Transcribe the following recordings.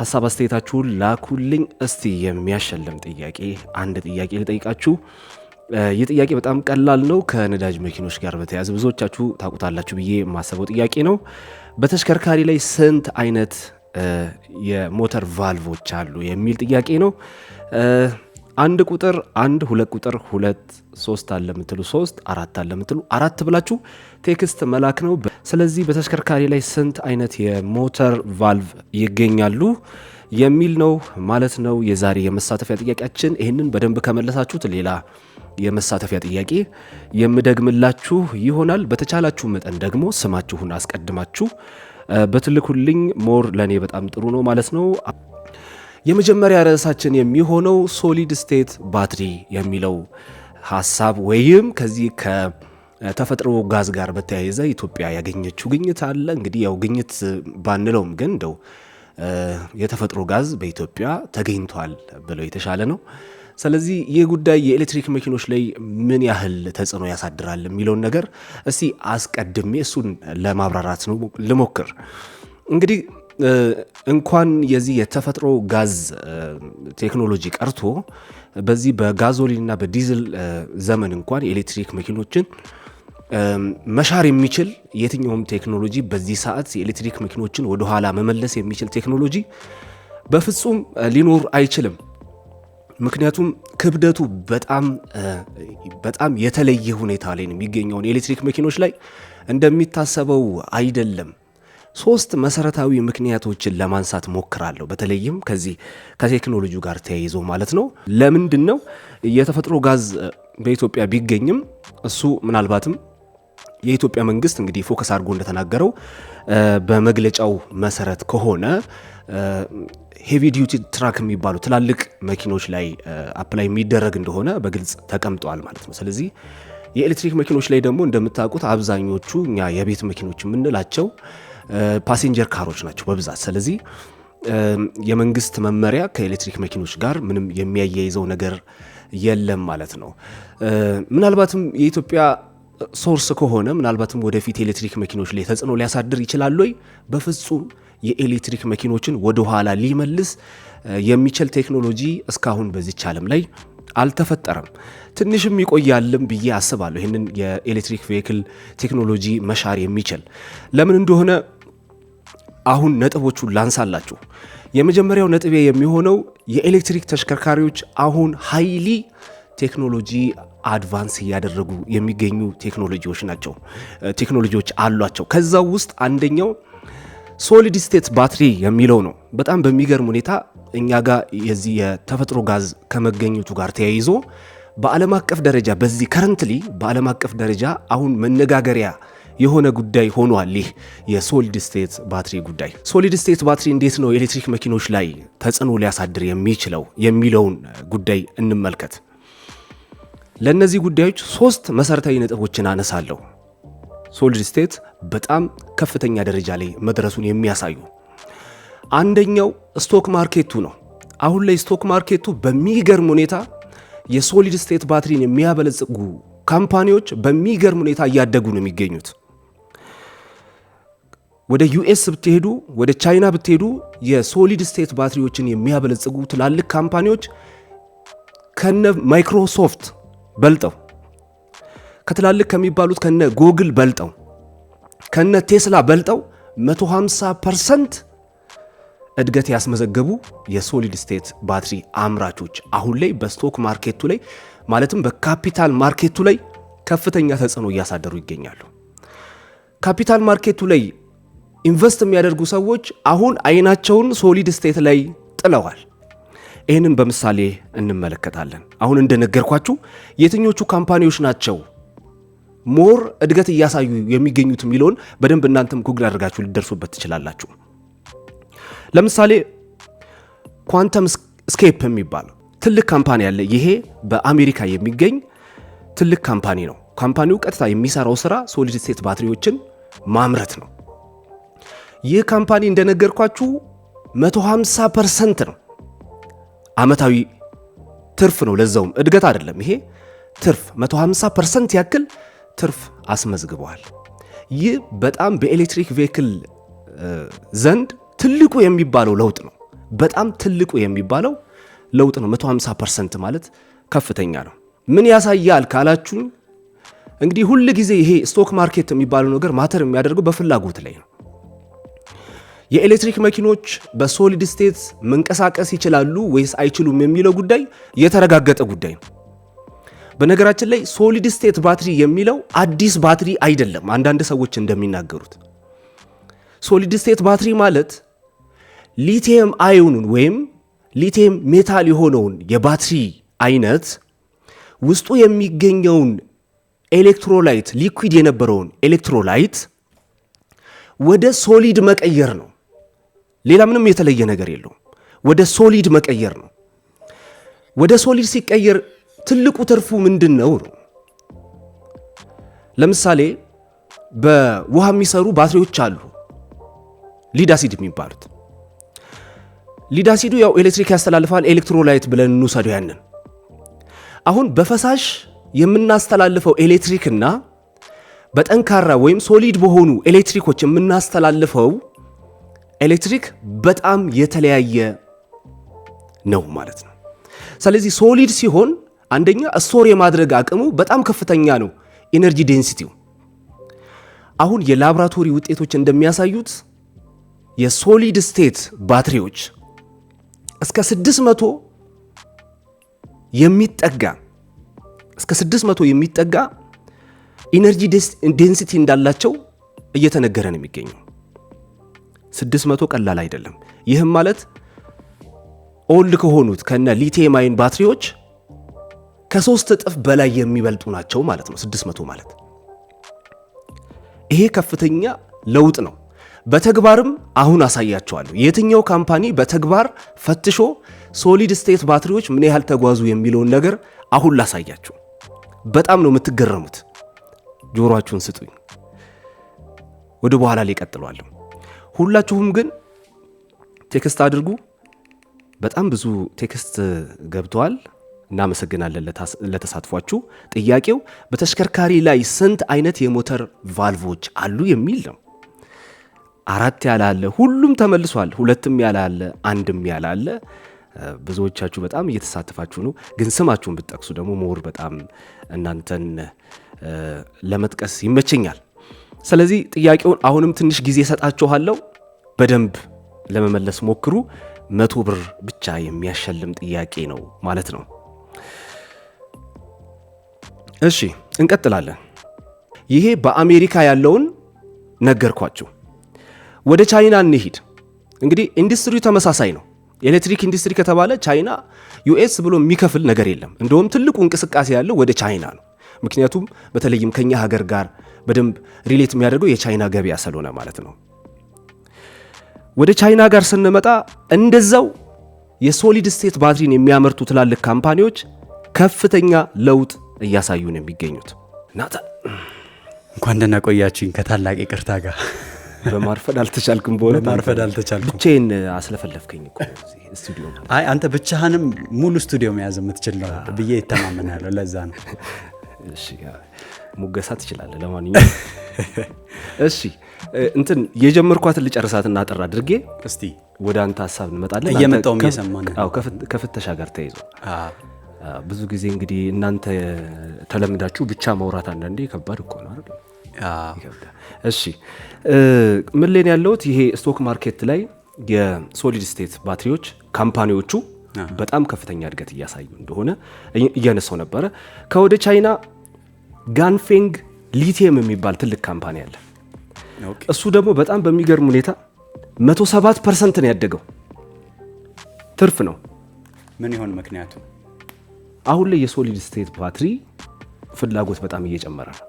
ሀሳብ አስተያየታችሁን ላኩልኝ። እስቲ የሚያሸልም ጥያቄ አንድ ጥያቄ ልጠይቃችሁ። ይህ ጥያቄ በጣም ቀላል ነው። ከነዳጅ መኪኖች ጋር በተያያዘ ብዙዎቻችሁ ታውቁታላችሁ ብዬ የማሰበው ጥያቄ ነው። በተሽከርካሪ ላይ ስንት አይነት የሞተር ቫልቮች አሉ የሚል ጥያቄ ነው። አንድ ቁጥር አንድ ሁለት ቁጥር ሁለት ሶስት አለ ምትሉ ሶስት አራት አለ ምትሉ አራት ብላችሁ ቴክስት መላክ ነው። ስለዚህ በተሽከርካሪ ላይ ስንት አይነት የሞተር ቫልቭ ይገኛሉ የሚል ነው ማለት ነው የዛሬ የመሳተፊያ ጥያቄያችን። ይህንን በደንብ ከመለሳችሁት ሌላ የመሳተፊያ ጥያቄ የምደግምላችሁ ይሆናል። በተቻላችሁ መጠን ደግሞ ስማችሁን አስቀድማችሁ በትልኩልኝ ሞር ለእኔ በጣም ጥሩ ነው ማለት ነው። የመጀመሪያ ርዕሳችን የሚሆነው ሶሊድ ስቴት ባትሪ የሚለው ሀሳብ ወይም ከዚህ ከተፈጥሮ ጋዝ ጋር በተያያዘ ኢትዮጵያ ያገኘችው ግኝት አለ። እንግዲህ ያው ግኝት ባንለውም ግን እንደው የተፈጥሮ ጋዝ በኢትዮጵያ ተገኝቷል ብለው የተሻለ ነው። ስለዚህ ይህ ጉዳይ የኤሌክትሪክ መኪኖች ላይ ምን ያህል ተጽዕኖ ያሳድራል የሚለውን ነገር እስቲ አስቀድሜ እሱን ለማብራራት ነው ልሞክር። እንግዲህ እንኳን የዚህ የተፈጥሮ ጋዝ ቴክኖሎጂ ቀርቶ በዚህ በጋዞሊንና በዲዝል ዘመን እንኳን የኤሌክትሪክ መኪኖችን መሻር የሚችል የትኛውም ቴክኖሎጂ በዚህ ሰዓት የኤሌክትሪክ መኪኖችን ወደኋላ መመለስ የሚችል ቴክኖሎጂ በፍጹም ሊኖር አይችልም። ምክንያቱም ክብደቱ በጣም በጣም የተለየ ሁኔታ ላይ ነው የሚገኘውን የኤሌክትሪክ መኪኖች ላይ እንደሚታሰበው አይደለም። ሶስት መሰረታዊ ምክንያቶችን ለማንሳት ሞክራለሁ። በተለይም ከዚህ ከቴክኖሎጂ ጋር ተያይዞ ማለት ነው። ለምንድን ነው የተፈጥሮ ጋዝ በኢትዮጵያ ቢገኝም እሱ ምናልባትም የኢትዮጵያ መንግስት እንግዲህ ፎከስ አድርጎ እንደተናገረው በመግለጫው መሰረት ከሆነ ሄቪ ዲዩቲ ትራክ የሚባሉ ትላልቅ መኪኖች ላይ አፕላይ የሚደረግ እንደሆነ በግልጽ ተቀምጠዋል ማለት ነው። ስለዚህ የኤሌክትሪክ መኪኖች ላይ ደግሞ እንደምታውቁት አብዛኞቹ እኛ የቤት መኪኖች የምንላቸው ፓሴንጀር ካሮች ናቸው በብዛት። ስለዚህ የመንግስት መመሪያ ከኤሌክትሪክ መኪኖች ጋር ምንም የሚያያይዘው ነገር የለም ማለት ነው። ምናልባትም የኢትዮጵያ ሶርስ ከሆነ ምናልባትም ወደፊት ኤሌክትሪክ መኪኖች ላይ ተጽዕኖ ሊያሳድር ይችላል ወይ? በፍጹም የኤሌክትሪክ መኪኖችን ወደኋላ ሊመልስ የሚችል ቴክኖሎጂ እስካሁን በዚች ዓለም ላይ አልተፈጠረም። ትንሽም ይቆያልም ብዬ አስባለሁ። ይህንን የኤሌክትሪክ ቬክል ቴክኖሎጂ መሻር የሚችል ለምን እንደሆነ አሁን ነጥቦቹን ላንሳላችሁ። የመጀመሪያው ነጥቤ የሚሆነው የኤሌክትሪክ ተሽከርካሪዎች አሁን ሀይሊ ቴክኖሎጂ አድቫንስ እያደረጉ የሚገኙ ቴክኖሎጂዎች ናቸው፣ ቴክኖሎጂዎች አሏቸው። ከዛ ውስጥ አንደኛው ሶሊድ ስቴት ባትሪ የሚለው ነው። በጣም በሚገርም ሁኔታ እኛ ጋር የዚህ የተፈጥሮ ጋዝ ከመገኘቱ ጋር ተያይዞ በዓለም አቀፍ ደረጃ በዚህ ከረንትሊ በዓለም አቀፍ ደረጃ አሁን መነጋገሪያ የሆነ ጉዳይ ሆኗል። ይህ የሶሊድ ስቴት ባትሪ ጉዳይ ሶሊድ ስቴት ባትሪ እንዴት ነው የኤሌክትሪክ መኪኖች ላይ ተጽዕኖ ሊያሳድር የሚችለው የሚለውን ጉዳይ እንመልከት። ለእነዚህ ጉዳዮች ሶስት መሰረታዊ ነጥቦችን አነሳለሁ። ሶሊድ ስቴት በጣም ከፍተኛ ደረጃ ላይ መድረሱን የሚያሳዩ አንደኛው ስቶክ ማርኬቱ ነው። አሁን ላይ ስቶክ ማርኬቱ በሚገርም ሁኔታ የሶሊድ ስቴት ባትሪን የሚያበለጽጉ ካምፓኒዎች በሚገርም ሁኔታ እያደጉ ነው የሚገኙት። ወደ ዩኤስ ብትሄዱ ወደ ቻይና ብትሄዱ የሶሊድ ስቴት ባትሪዎችን የሚያበለጽጉ ትላልቅ ካምፓኒዎች ከነ ማይክሮሶፍት በልጠው ከትላልቅ ከሚባሉት ከነ ጎግል በልጠው ከነ ቴስላ በልጠው 150 ፐርሰንት እድገት ያስመዘገቡ የሶሊድ ስቴት ባትሪ አምራቾች አሁን ላይ በስቶክ ማርኬቱ ላይ ማለትም በካፒታል ማርኬቱ ላይ ከፍተኛ ተጽዕኖ እያሳደሩ ይገኛሉ። ካፒታል ማርኬቱ ላይ ኢንቨስት የሚያደርጉ ሰዎች አሁን አይናቸውን ሶሊድ ስቴት ላይ ጥለዋል። ይህንን በምሳሌ እንመለከታለን። አሁን እንደነገርኳችሁ የትኞቹ ካምፓኒዎች ናቸው ሞር እድገት እያሳዩ የሚገኙት የሚለውን በደንብ እናንተም ጉግል አድርጋችሁ ሊደርሱበት ትችላላችሁ። ለምሳሌ ኳንተም ስኬፕ የሚባል ትልቅ ካምፓኒ አለ። ይሄ በአሜሪካ የሚገኝ ትልቅ ካምፓኒ ነው። ካምፓኒው ቀጥታ የሚሰራው ስራ ሶሊድ ስቴት ባትሪዎችን ማምረት ነው። ይህ ካምፓኒ እንደነገርኳችሁ 150 ፐርሰንት ነው አመታዊ ትርፍ ነው። ለዛውም እድገት አይደለም፣ ይሄ ትርፍ 150 ፐርሰንት ያክል ትርፍ አስመዝግበዋል። ይህ በጣም በኤሌክትሪክ ቬክል ዘንድ ትልቁ የሚባለው ለውጥ ነው። በጣም ትልቁ የሚባለው ለውጥ ነው። 150 ፐርሰንት ማለት ከፍተኛ ነው። ምን ያሳያል ካላችሁ እንግዲህ ሁል ጊዜ ይሄ ስቶክ ማርኬት የሚባለው ነገር ማተር የሚያደርገው በፍላጎት ላይ ነው። የኤሌክትሪክ መኪኖች በሶሊድ ስቴት መንቀሳቀስ ይችላሉ ወይስ አይችሉም የሚለው ጉዳይ የተረጋገጠ ጉዳይ ነው። በነገራችን ላይ ሶሊድ ስቴት ባትሪ የሚለው አዲስ ባትሪ አይደለም። አንዳንድ ሰዎች እንደሚናገሩት ሶሊድ ስቴት ባትሪ ማለት ሊቲየም አዮኑን ወይም ሊቲየም ሜታል የሆነውን የባትሪ አይነት ውስጡ የሚገኘውን ኤሌክትሮላይት ሊኩዊድ የነበረውን ኤሌክትሮላይት ወደ ሶሊድ መቀየር ነው። ሌላ ምንም የተለየ ነገር የለውም። ወደ ሶሊድ መቀየር ነው። ወደ ሶሊድ ሲቀየር ትልቁ ትርፉ ምንድን ነው? ለምሳሌ በውሃ የሚሰሩ ባትሪዎች አሉ፣ ሊዳሲድ የሚባሉት ሊዳሲዱ ያው ኤሌክትሪክ ያስተላልፋል። ኤሌክትሮላይት ብለን እንውሰደው ያንን። አሁን በፈሳሽ የምናስተላልፈው ኤሌክትሪክና በጠንካራ ወይም ሶሊድ በሆኑ ኤሌክትሪኮች የምናስተላልፈው ኤሌክትሪክ በጣም የተለያየ ነው ማለት ነው። ስለዚህ ሶሊድ ሲሆን አንደኛ ስቶር የማድረግ አቅሙ በጣም ከፍተኛ ነው፣ ኢነርጂ ዴንሲቲው። አሁን የላብራቶሪ ውጤቶች እንደሚያሳዩት የሶሊድ ስቴት ባትሪዎች እስከ 600 የሚጠጋ እስከ 600 የሚጠጋ ኢነርጂ ዴንሲቲ እንዳላቸው እየተነገረ ነው የሚገኘው። 600 ቀላል አይደለም። ይህም ማለት ኦልድ ከሆኑት ከነ ሊቲየም አይን ባትሪዎች ከሶስት እጥፍ በላይ የሚበልጡ ናቸው ማለት ነው። 600 ማለት ይሄ ከፍተኛ ለውጥ ነው። በተግባርም አሁን አሳያቸዋለሁ። የትኛው ካምፓኒ በተግባር ፈትሾ ሶሊድ ስቴት ባትሪዎች ምን ያህል ተጓዙ የሚለውን ነገር አሁን ላሳያችሁ። በጣም ነው የምትገረሙት። ጆሮአችሁን ስጡኝ። ወደ በኋላ ላይ ቀጥሏለሁ። ሁላችሁም ግን ቴክስት አድርጉ። በጣም ብዙ ቴክስት ገብተዋል። እናመሰግናለን ለተሳትፏችሁ። ጥያቄው በተሽከርካሪ ላይ ስንት አይነት የሞተር ቫልቮች አሉ የሚል ነው። አራት ያላለ ሁሉም ተመልሷል። ሁለትም ያላለ አንድም ያላለ ብዙዎቻችሁ በጣም እየተሳተፋችሁ ነው። ግን ስማችሁን ብትጠቅሱ ደግሞ ምሁር በጣም እናንተን ለመጥቀስ ይመቸኛል። ስለዚህ ጥያቄውን አሁንም ትንሽ ጊዜ እሰጣችኋለሁ። በደንብ ለመመለስ ሞክሩ። መቶ ብር ብቻ የሚያሸልም ጥያቄ ነው ማለት ነው። እሺ እንቀጥላለን። ይሄ በአሜሪካ ያለውን ነገርኳችሁ። ወደ ቻይና እንሂድ። እንግዲህ ኢንዱስትሪው ተመሳሳይ ነው። የኤሌክትሪክ ኢንዱስትሪ ከተባለ ቻይና ዩኤስ ብሎ የሚከፍል ነገር የለም። እንደውም ትልቁ እንቅስቃሴ ያለው ወደ ቻይና ነው። ምክንያቱም በተለይም ከኛ ሀገር ጋር በደንብ ሪሌት የሚያደርገው የቻይና ገበያ ስለሆነ ማለት ነው። ወደ ቻይና ጋር ስንመጣ እንደዛው የሶሊድ ስቴት ባትሪን የሚያመርቱ ትላልቅ ካምፓኒዎች ከፍተኛ ለውጥ እያሳዩ ነው የሚገኙት። ናታ እንኳን ደህና ቆያችሁኝ። ከታላቅ ይቅርታ ጋር በማርፈድ አልተቻልክም። በሆነ በማርፈድ አልተቻልኩም። ብቻዬን አስለፈለፍከኝ እኮ ስቱዲዮ። አይ አንተ ብቻህንም ሙሉ ስቱዲዮ መያዝ የምትችል ነው ብዬ ይተማመናለሁ። ለዛ ነው ሙገሳ ትችላለህ። ለማንኛውም እሺ እንትን የጀመርኳትን ልጨርሳትና አጠር አድርጌ እስቲ ወደ አንተ ሀሳብ እንመጣለን። እየመጣውም እየሰማን ከፍተሻ ጋር ተይዞ ብዙ ጊዜ እንግዲህ እናንተ ተለምዳችሁ ብቻ መውራት አንዳንዴ ከባድ እኮ ነው አይደል? እሺ ምን ሌን ያለሁት ይሄ ስቶክ ማርኬት ላይ የሶሊድ ስቴት ባትሪዎች ካምፓኒዎቹ በጣም ከፍተኛ እድገት እያሳዩ እንደሆነ እያነሳው ነበረ ከወደ ቻይና ጋንፌንግ ሊቲየም የሚባል ትልቅ ካምፓኒ አለ። እሱ ደግሞ በጣም በሚገርም ሁኔታ 107 ፐርሰንት ነው ያደገው። ትርፍ ነው። ምን ይሆን ምክንያቱ? አሁን ላይ የሶሊድ ስቴት ባትሪ ፍላጎት በጣም እየጨመረ ነው።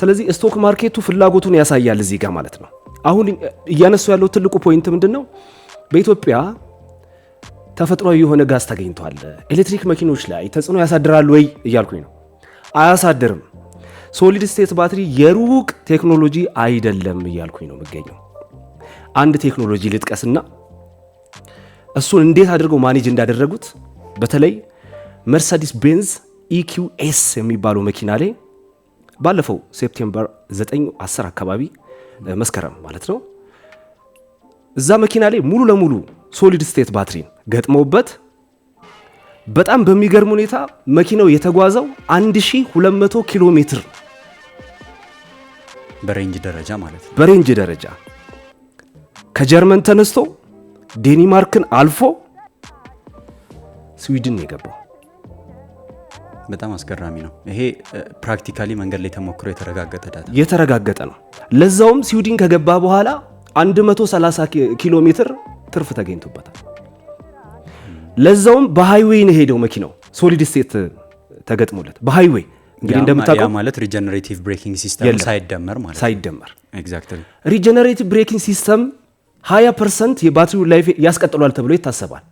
ስለዚህ ስቶክ ማርኬቱ ፍላጎቱን ያሳያል እዚህ ጋር ማለት ነው። አሁን እያነሱ ያለው ትልቁ ፖይንት ምንድን ነው? በኢትዮጵያ ተፈጥሯዊ የሆነ ጋዝ ተገኝቷል። ኤሌክትሪክ መኪኖች ላይ ተጽዕኖ ያሳድራል ወይ እያልኩኝ ነው። አያሳድርም። ሶሊድ ስቴት ባትሪ የሩቅ ቴክኖሎጂ አይደለም እያልኩኝ ነው የምገኘው። አንድ ቴክኖሎጂ ልጥቀስና እሱን እንዴት አድርገው ማኔጅ እንዳደረጉት በተለይ መርሰዲስ ቤንዝ ኢኪዩኤስ የሚባለው መኪና ላይ ባለፈው ሴፕቴምበር 9 10 አካባቢ መስከረም ማለት ነው እዛ መኪና ላይ ሙሉ ለሙሉ ሶሊድ ስቴት ባትሪን ገጥመውበት በጣም በሚገርም ሁኔታ መኪናው የተጓዘው 1200 ኪሎ ሜትር በሬንጅ ደረጃ ማለት ነው። በሬንጅ ደረጃ ከጀርመን ተነስቶ ዴኒማርክን አልፎ ስዊድን የገባው በጣም አስገራሚ ነው። ይሄ ፕራክቲካሊ መንገድ ላይ ተሞክሮ የተረጋገጠ ዳታ የተረጋገጠ ነው። ለዛውም ስዊድን ከገባ በኋላ 130 ኪሎ ሜትር ትርፍ ተገኝቶበታል። ለዛውም በሃይዌይ ነው ሄደው መኪናው ሶሊድ ስቴት ተገጥሞለት በሃይዌይ እንግዲህ እንደምታውቀው ማለት ሪጀነሬቲቭ ብሬኪንግ ሲስተም ሳይደመር ማለት ሳይደመር ኤግዛክትሊ ሪጀነሬቲቭ ብሬኪንግ ሲስተም 20% የባትሪ ላይፍ ያስቀጥሏል ተብሎ ይታሰባል።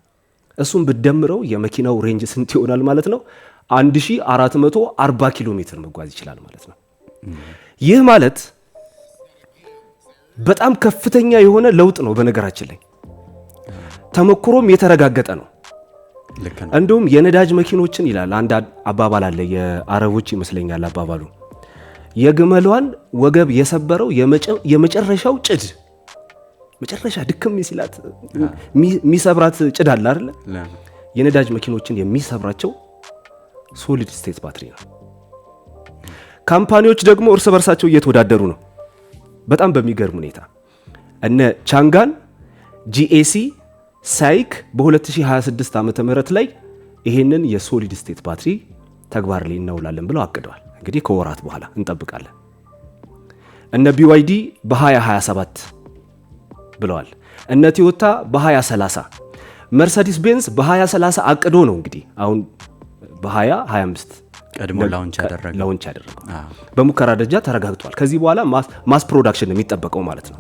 እሱም ብደምረው የመኪናው ሬንጅ ስንት ይሆናል ማለት ነው? 1440 ኪሎ ሜትር መጓዝ ይችላል ማለት ነው። ይህ ማለት በጣም ከፍተኛ የሆነ ለውጥ ነው። በነገራችን ላይ ተሞክሮም የተረጋገጠ ነው። እንዲሁም የነዳጅ መኪኖችን ይላል አንድ አባባል አለ፣ የአረቦች ይመስለኛል አባባሉ። የግመሏን ወገብ የሰበረው የመጨረሻው ጭድ መጨረሻ ድክም ሲላት የሚሰብራት ጭድ አለ አይደለ? የነዳጅ መኪኖችን የሚሰብራቸው ሶሊድ ስቴት ባትሪ ነው። ካምፓኒዎች ደግሞ እርስ በርሳቸው እየተወዳደሩ ነው፣ በጣም በሚገርም ሁኔታ እነ ቻንጋን ጂኤሲ ሳይክ በ2026 ዓ ም ላይ ይህንን የሶሊድ ስቴት ባትሪ ተግባር ላይ እናውላለን ብለው አቅደዋል። እንግዲህ ከወራት በኋላ እንጠብቃለን። እነ ቢዋይዲ በ2027 ብለዋል። እነ ቲዮታ በ2030 መርሰዲስ ቤንስ በ2030 አቅዶ ነው እንግዲህ አሁን በ2025 ቀድሞ ላውንች ያደረገው በሙከራ ደረጃ ተረጋግጧል። ከዚህ በኋላ ማስ ፕሮዳክሽን የሚጠበቀው ማለት ነው።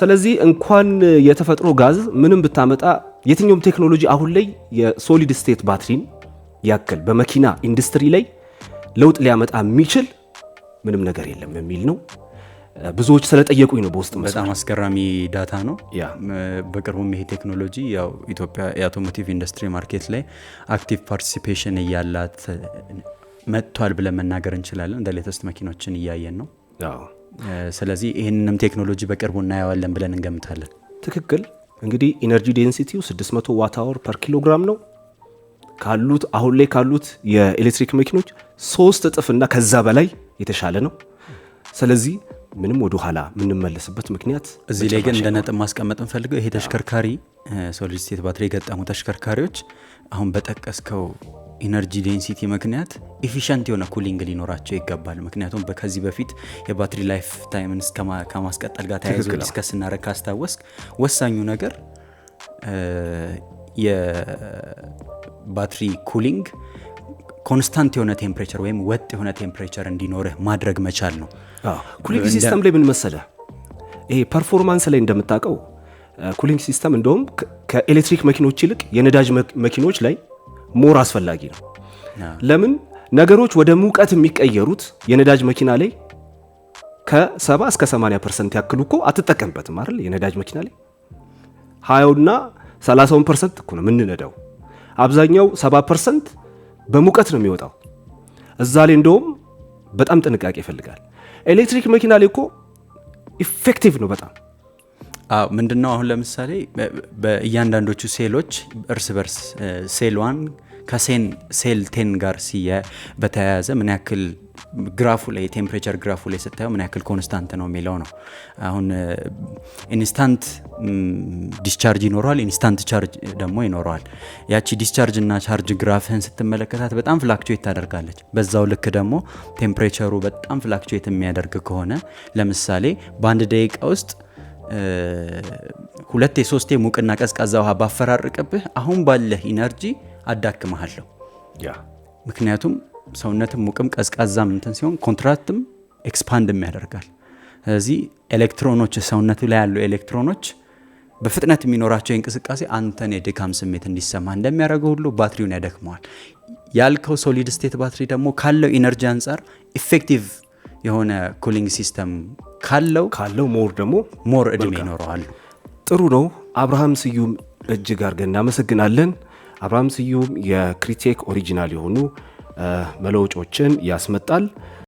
ስለዚህ እንኳን የተፈጥሮ ጋዝ ምንም ብታመጣ የትኛውም ቴክኖሎጂ አሁን ላይ የሶሊድ ስቴት ባትሪን ያክል በመኪና ኢንዱስትሪ ላይ ለውጥ ሊያመጣ የሚችል ምንም ነገር የለም የሚል ነው። ብዙዎች ስለጠየቁኝ ነው። በውስጥ በጣም አስገራሚ ዳታ ነው። በቅርቡም ይሄ ቴክኖሎጂ ያው ኢትዮጵያ የአውቶሞቲቭ ኢንዱስትሪ ማርኬት ላይ አክቲቭ ፓርቲሲፔሽን እያላት መጥቷል ብለን መናገር እንችላለን። እንደ ሌተስት መኪኖችን እያየን ነው። ስለዚህ ይህንንም ቴክኖሎጂ በቅርቡ እናየዋለን ብለን እንገምታለን። ትክክል። እንግዲህ ኢነርጂ ዴንሲቲው 600 ዋት አወር ፐር ኪሎግራም ነው ካሉት አሁን ላይ ካሉት የኤሌክትሪክ መኪኖች ሶስት እጥፍ እና ከዛ በላይ የተሻለ ነው። ስለዚህ ምንም ወደ ኋላ የምንመለስበት ምክንያት እዚህ ላይ ግን እንደ ነጥብ ማስቀመጥ እንፈልገው ይሄ ተሽከርካሪ ሶሊድ ስቴት ባትሪ የገጠሙ ተሽከርካሪዎች አሁን በጠቀስከው ኢነርጂ ዴንሲቲ ምክንያት ኤፊሽንት የሆነ ኩሊንግ ሊኖራቸው ይገባል። ምክንያቱም ከዚህ በፊት የባትሪ ላይፍ ታይምን ከማስቀጠል ጋር ተያይዞ ዲስከስ እናደረግ ካስታወስክ ወሳኙ ነገር የባትሪ ኩሊንግ ኮንስታንት የሆነ ቴምፕሬቸር ወይም ወጥ የሆነ ቴምፕሬቸር እንዲኖርህ ማድረግ መቻል ነው። ኩሊንግ ሲስተም ላይ ምን መሰለ፣ ይሄ ፐርፎርማንስ ላይ እንደምታውቀው ኩሊንግ ሲስተም እንደውም ከኤሌክትሪክ መኪኖች ይልቅ የነዳጅ መኪኖች ላይ ሞር አስፈላጊ ነው። ለምን ነገሮች ወደ ሙቀት የሚቀየሩት የነዳጅ መኪና ላይ ከሰባ እስከ 80 ፐርሰንት ያክሉ እኮ አትጠቀምበትም አይደል? የነዳጅ መኪና ላይ ሀያውና 30 ፐርሰንት እኮ ነው የምንነዳው። አብዛኛው 70 ፐርሰንት በሙቀት ነው የሚወጣው። እዛ ላይ እንደውም በጣም ጥንቃቄ ይፈልጋል። ኤሌክትሪክ መኪና ላይ እኮ ኢፌክቲቭ ነው በጣም ምንድነው አሁን ለምሳሌ በእያንዳንዶቹ ሴሎች እርስ በርስ ሴል ዋን ከሴልቴን ጋር ሲየ በተያያዘ ምን ያክል ግራፉ ላይ የቴምፕሬቸር ግራፉ ላይ ስታየው ምን ያክል ኮንስታንት ነው የሚለው ነው። አሁን ኢንስታንት ዲስቻርጅ ይኖረዋል፣ ኢንስታንት ቻርጅ ደግሞ ይኖረዋል። ያቺ ዲስቻርጅ እና ቻርጅ ግራፍህን ስትመለከታት በጣም ፍላክቹዌት ታደርጋለች። በዛው ልክ ደግሞ ቴምፕሬቸሩ በጣም ፍላክቹዌት የሚያደርግ ከሆነ ለምሳሌ በአንድ ደቂቃ ውስጥ ሁለት የሶስቴ ሙቅና ቀዝቃዛ ውሃ ባፈራርቅብህ አሁን ባለህ ኢነርጂ አዳክመሃለሁ። ምክንያቱም ሰውነትም ሙቅም ቀዝቃዛም እንትን ሲሆን ኮንትራክትም ኤክስፓንድም ያደርጋል። ስለዚህ ኤሌክትሮኖች ሰውነቱ ላይ ያሉ ኤሌክትሮኖች በፍጥነት የሚኖራቸው እንቅስቃሴ አንተን የድካም ስሜት እንዲሰማ እንደሚያደርገው ሁሉ ባትሪውን ያደክመዋል። ያልከው ሶሊድ ስቴት ባትሪ ደግሞ ካለው ኢነርጂ አንጻር ኢፌክቲቭ የሆነ ኩሊንግ ሲስተም ካለው ካለው ሞር ደግሞ ሞር እድሜ ይኖረዋሉ ጥሩ ነው። አብርሃም ስዩም እጅግ አድርገን እናመሰግናለን። አብርሃም ስዩም የክሪቴክ ኦሪጂናል የሆኑ መለወጮችን ያስመጣል።